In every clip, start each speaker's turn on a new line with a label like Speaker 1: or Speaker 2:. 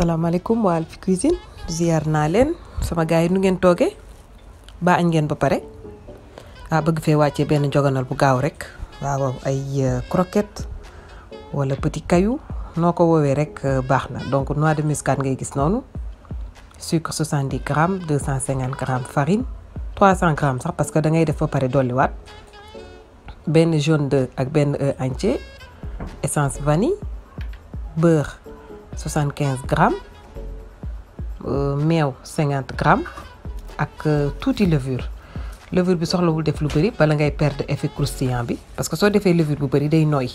Speaker 1: asalaamaaleykum waa Alphie Cuisine ziar naa leen sama gars yi nu ngeen toogee ba añ ngeen ba pare ah bëgg fee wàccee benn joganal bu gaaw rek waaw ay euh, croquette wala petit kayo noo ko woowee rek euh, baax na donc noix de muscade ngay gis noonu sucre 70 grammes 250 grammes farine 300 grammes sax parce que da ngay def ba pare waat benn jaune de ak benn œuf entier essence vanille 75 grammes euh, meew 50 grammes ak euh, tuuti levure levure bi soxlawul def lu bëri bala ngay perdre effet croustillant bi parce que soo defee levure bu bëri day nooy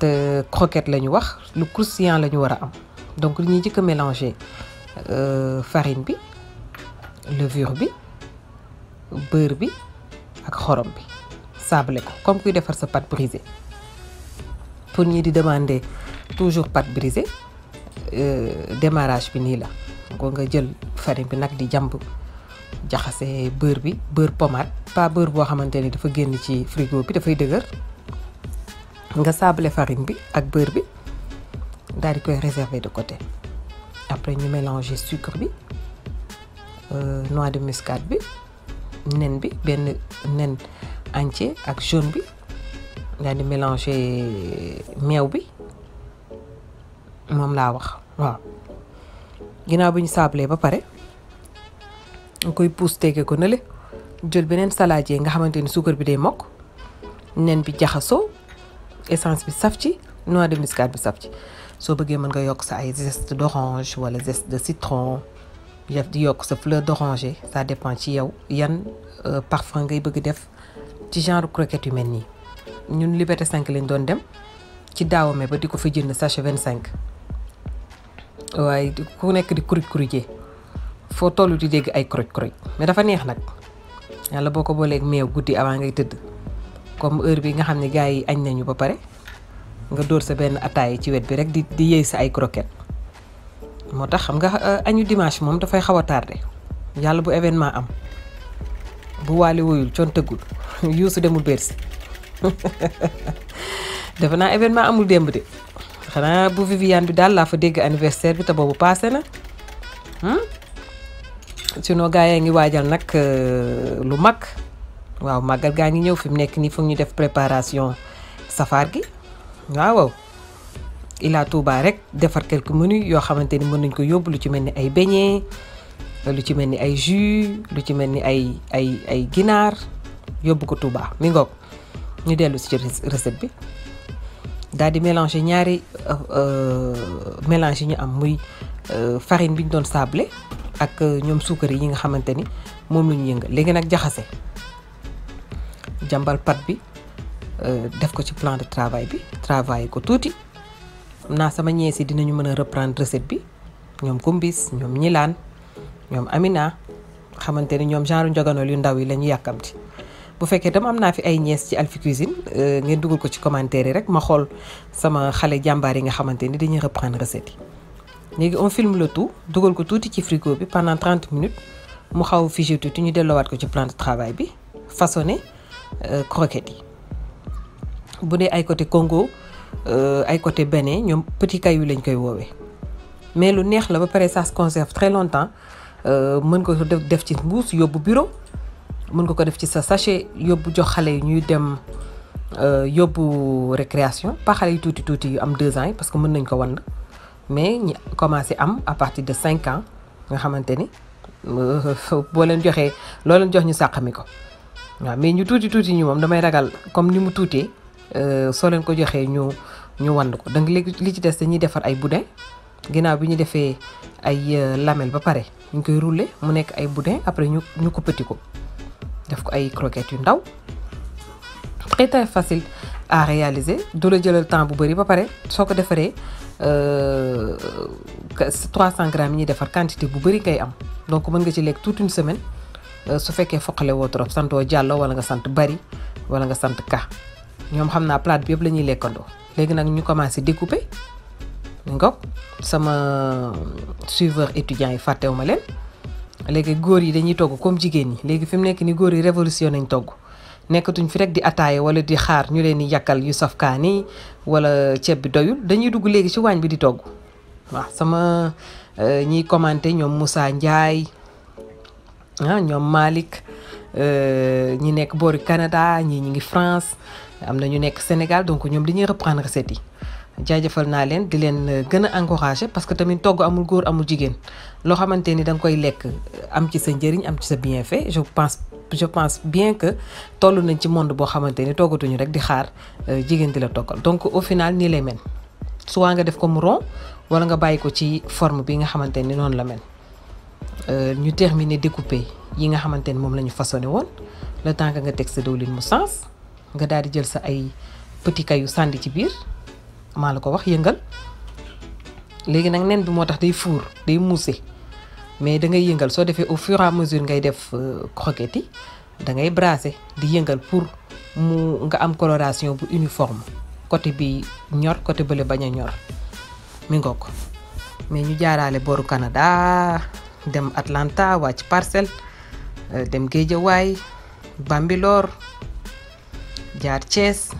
Speaker 1: te croquette la ñu wax lu croustillant la ñu war a am donc li ñuy njëkk a mélanger euh, farine bi levure bi beurre bi ak xorom bi sablé ko comme kuy defar sa pâte brisée pour ñi di demander toujours pâte brisée Euh, démarrage bi nii la ko nga jël farine bi nag di jàmb jaxase bër bi bër pommade pas beurre boo xamante ni dafa génn ci frigo bi dafay dëgër nga sablé farine bi ak beurre bi daal di koy réserver de côté après ñu mélanger sucre bi euh, noix de muscade bi nen bi benn nen entier ak jaune bi daal di mélanger meew bi moom laa wax waaw ginnaaw bi ñu saablee ba pare nga koy puus tege ko nële jël beneen salade nga xamante ni suukar bi day mokk nen bi jaxasoo essence bi saf ci noix de muscade bi saf ci soo bëggee mën nga yokk sa ay zeste d'orange wala gest de citron def di yokk sa fleur d'oranger ça dépend ci yow yan euh, parfum ngay bëgg def ci genre croquettes yu mel nii ñun Liberté 5 lañ doon dem ci daawame ba di ko fa jënd sachet 25. waaye ku nekk di kuruj kurujee foo toll di dégg ay kroj kroj mais dafa neex nag yàlla boo ko booleeg meew guddi avant ngay tëdd comme heure bi nga xam ne gars yi añ nañu ba pare nga dóor sa benn ataay ci wet bi rek di di yëy sa ay croquettes moo tax xam nga euh, añu dimanche moom dafay xaw a tardé yàlla bu événement am bu waali woyul coon tëggul yuusu demul bersi defe naa événement amul démb de. xanaa bu Viviane bi daal laa fa dégg anniversaire bi te boobu paase na hmm? sinon gars yaa ngi waajal nag euh, lu mag waaw màggal gaa ngi ñëw fi mu nekk nii foog ñu def préparation safaar gi waaw Ila Touba rek defar quelques menus yoo xamante ni mën nañ ko yóbbu lu ci mel ni ay beignet lu ci mel ni ay jus lu ci mel ni ay ay ay ginaar yóbbu ko Touba mi ngoog ñu dellu si ci recette bi. daal di mélanger ñaari euh, mélange yi ñu am muy euh, farine bi ñu doon sablé ak euh, ñoom suukar yi nga xamante ni moom la ñu yëngal léegi nag jaxase jàmbal pat bi def ko ci plan de travail bi yi ko tuuti xam naa sama ñees yi dinañu mën a reprendre recette bi ñoom kumbis ñoom ñilaan ñoom Amina xamante ni ñoom genre njoganol yu ndaw yi la ñu yàkkamti bu fekkee dama am naa fi ay ñees ci Alphie Cuisine euh, ngeen dugal ko ci commentaire yi rek ma xool sama xale jàmbaar yi nga xamante ni dañuy reprendre set yi léegi on filme le tout dugal ko tuuti ci frigo bi pendant 30 minutes mu xaw figé tuuti ñu dellu waat ko ci plan de bi façonné euh, croquettes yi bu dee ay côté Congo euh, ay côté Bénin ñoom petit caillou lañ koy woowee mais lu neex la ba pare ça se conserve très longtemps mën ko def def ci mbuus yóbbu bureau mën nga ko def ci sa sachet yóbbu jox xale yi ñuy dem euh, yóbbu récréation pas xale yi tuuti tuuti yu am deux ans parce que mën nañ ko wan mais ñi commencé am à partir de cinq ans nga xamante ni euh, boo leen joxee loo leen jox ñu sàqami ko mais ñu tuuti tuuti ñu moom damay ragal comme ni mu tuutee euh, soo leen ko joxee ñu ñu wand ko danga léegi li ci des dañuy defar ay boudin ginnaaw bi ñu defee ay lamelle ba pare ñu koy rouler mu nekk ay boudin après ñu ñu ko ko def ko ay croquettes yu ndaw très très facile du la jëlal temps bu bëri ba pare soo ko defaree 300 euh, grammes yi ñuy defar quantité bu bëri ngay am donc mën nga ci lekk toute une semaine euh, su fekkee foqale woo trop santoo Diallo wala nga sant Bari wala nga sant Ka ñoom xam naa plate bi yëpp la ñuy lekkandoo léegi nag ñu commencé découper ngok sama suiveur étudiant yi ma leen. léegi góor yi dañuy togg comme jigéen ñi léegi fi mu nekk ni góor yi révolution nañ togg nekkatuñ fi rek di ataaya wala di xaar ñu leen di yàkkal yu saf kaani wala ceeb bi doyul dañuy dugg léegi ci waañ bi di togg waaw sama euh, ñiy commenté ñoom Moussa Ndiaye ah ñoom Malick euh, ñi nekk boori Canada ñii ñi ngi France am na ñu nekk Sénégal donc ñoom dañuy reprendre recettes yi jaajëfal naa leen di leen euh, gën a encouragé parce que tamit togg amul góor amul jigéen loo xamante ni da nga koy lekk euh, am ci sa njëriñ am ci sa bienfait je pense je pense bien que toll nañ ci monde boo xamante ni toggatuñu rek di xaar euh, jigéen di la toggal donc au final nii lay mel soit nga def ko mu rond wala nga bàyyi ko ci forme bi nga xamante ni noonu la mel ñu terminer découpé yi nga xamante ni moom la ñu façonné woon le temps que nga teg sa diwlin mu sens nga daal di jël sa ay petit caillou sànni ci biir. maa la ko wax yëngal léegi nag nen bi moo tax day fuur day muuse mais da ngay yëngal soo defee au fur et mesure ngay def euh, croquettes yi da ngay brasser di yëngal pour mu nga am coloration bu uniforme côté bi ñor côté bële bañ a ñor mi ngoo ko mais ñu jaaraale boru Canada dem Atlanta wàcc Parcelles euh, dem Guédiawaye Bambilor jaar Thiès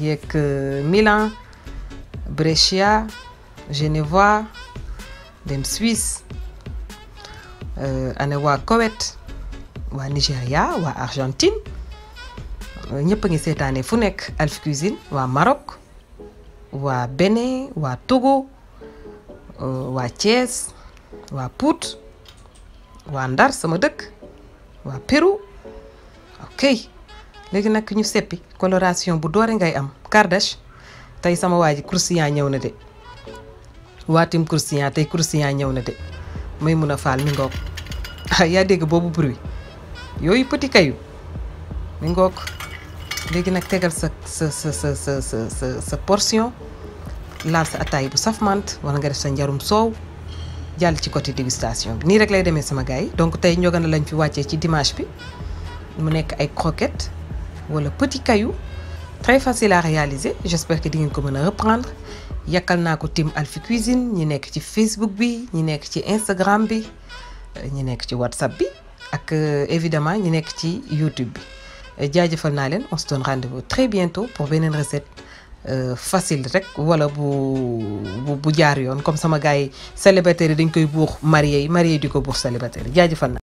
Speaker 1: yeeg euh, Milan Brescia, Genevois dem Suisse euh, ana waa cowet waa Nigéria waa Argentine euh, ñëpp a ngi seetaane fu nekk Alphie Cuisine waa marok waa Bénin waa Togo euh, waa Thiès waa Pout waa Ndar sama dëkk waa Pérou ok léegi nag ñu seppi coloration bu doore ngay am Kardash tey sama waa ji Christian ñëw na de waatim Christian tey Christian ñëw na de may mun a faal mi ngoog ah, yaa dégg boobu bruit yooyu petit kayu mi ngoog léegi nag tegal sa sa sa sa sa sa sa portion laal sa ataay bu mant wala nga def sa njarum soow jàll ci côté dégustation bi nii rek lay demee sama gaay yi donc tey ñoo gën a lañ fi wàccee ci dimanche bi mu nekk ay croquettes walla petit caillou très facile à réaliser j'espère que di ngeen ko mën a reprendre yàkkal naa ko team Alphie Cuisine ñi nekk ci Facebook bi ñi nekk ci Instagram bi ñi nekk ci WhatsApp bi ak euh, évidemment ñi nekk ci YouTube bi jaajëfal naa leen on se donne très bientôt pour beneen recette euh, facile rek wala bu bu jaar yoon comme sama gars yi célibataire yi dañ koy buux marié yi marié di ko buux célibataire yi jaajëfal naa